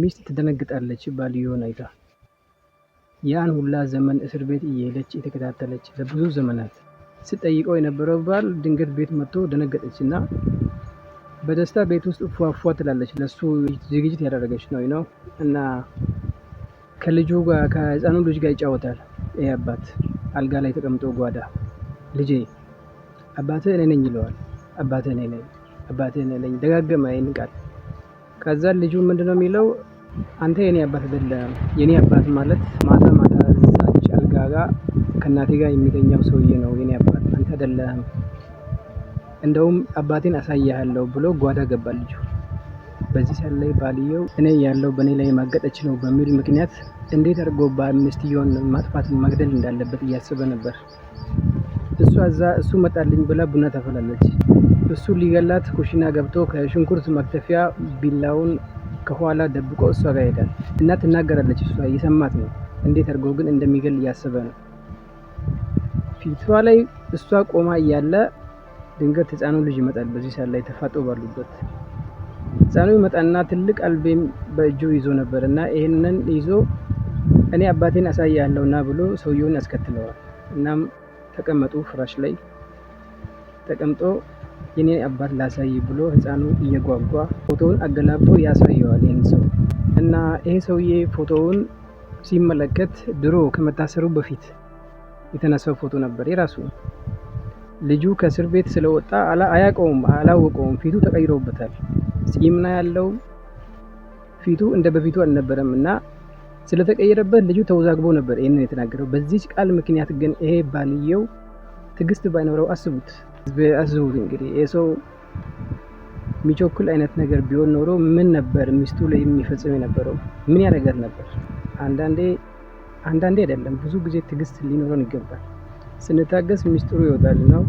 ሚስት ትደነግጣለች ባልየውን አይታ። ያን ሁላ ዘመን እስር ቤት እየሄደች የተከታተለች ለብዙ ዘመናት ስጠይቀው የነበረው ባል ድንገት ቤት መጥቶ ደነገጠች እና በደስታ ቤት ውስጥ ፏፏ ትላለች። ለሱ ዝግጅት ያደረገች ነው ነው እና ከልጁ ጋር ከህፃኑ ልጅ ጋር ይጫወታል። ይህ አባት አልጋ ላይ ተቀምጦ ጓዳ ልጄ አባትህ እኔ ነኝ ይለዋል። አባትህ እኔ ነኝ፣ አባትህ እኔ ነኝ ደጋገመ ይህን ቃል ከዛ ልጁ ምንድነው የሚለው አንተ የኔ አባት አይደለም። የኔ አባት ማለት ማታ ማታ እዛች አልጋ ጋር ከእናቴ ጋር የሚተኛው ሰውዬ ነው የኔ አባት፣ አንተ አይደለህም። እንደውም አባቴን አሳያለሁ ብሎ ጓዳ ገባ ልጁ። በዚህ ሰዓት ላይ ባልየው እኔ ያለው በእኔ ላይ ማገጠች ነው በሚል ምክንያት እንዴት አድርጎ ሚስትየውን ማጥፋት መግደል እንዳለበት እያሰበ ነበር። እሷ እዛ እሱ መጣልኝ ብላ ቡና ታፈላለች። እሱ ሊገላት ኩሽና ገብቶ ከሽንኩርት መክተፊያ ቢላውን ከኋላ ደብቆ እሷ ጋር ይሄዳል እና ትናገራለች። እሷ እየሰማት ነው። እንዴት አድርጎ ግን እንደሚገል እያሰበ ነው። ፊቷ ላይ እሷ ቆማ እያለ ድንገት ህፃኑ ልጅ ይመጣል። በዚህ ሰዓት ላይ ተፋጦ ባሉበት ህፃኑ ይመጣና ትልቅ አልቤም በእጁ ይዞ ነበር እና ይህንን ይዞ እኔ አባቴን አሳያለሁ ና ብሎ ሰውየውን ያስከትለዋል። እናም ተቀመጡ ፍራሽ ላይ ተቀምጦ የኔ አባት ላሳይ ብሎ ህፃኑ እየጓጓ ፎቶውን አገላብጦ ያሳየዋል ይህን ሰው እና ይሄ ሰውዬ ፎቶውን ሲመለከት ድሮ ከመታሰሩ በፊት የተነሳው ፎቶ ነበር የራሱ። ልጁ ከእስር ቤት ስለወጣ አያውቀውም፣ አላወቀውም። ፊቱ ተቀይሮበታል። ጺምና ያለው ፊቱ እንደ በፊቱ አልነበረም እና ስለተቀየረበት ልጁ ተወዛግቦ ነበር ይህንን የተናገረው። በዚች ቃል ምክንያት ግን ይሄ ባልየው ትዕግስት ባይኖረው አስቡት፣ አስቡት እንግዲህ ይህ ሰው የሚቸኩል አይነት ነገር ቢሆን ኖሮ ምን ነበር ሚስቱ ላይ የሚፈጽም የነበረው? ምን ያደርጋት ነበር? አንዳንዴ አንዳንዴ አይደለም ብዙ ጊዜ ትዕግስት ሊኖረን ይገባል። ስንታገስ ሚስጥሩ ይወጣል ነው።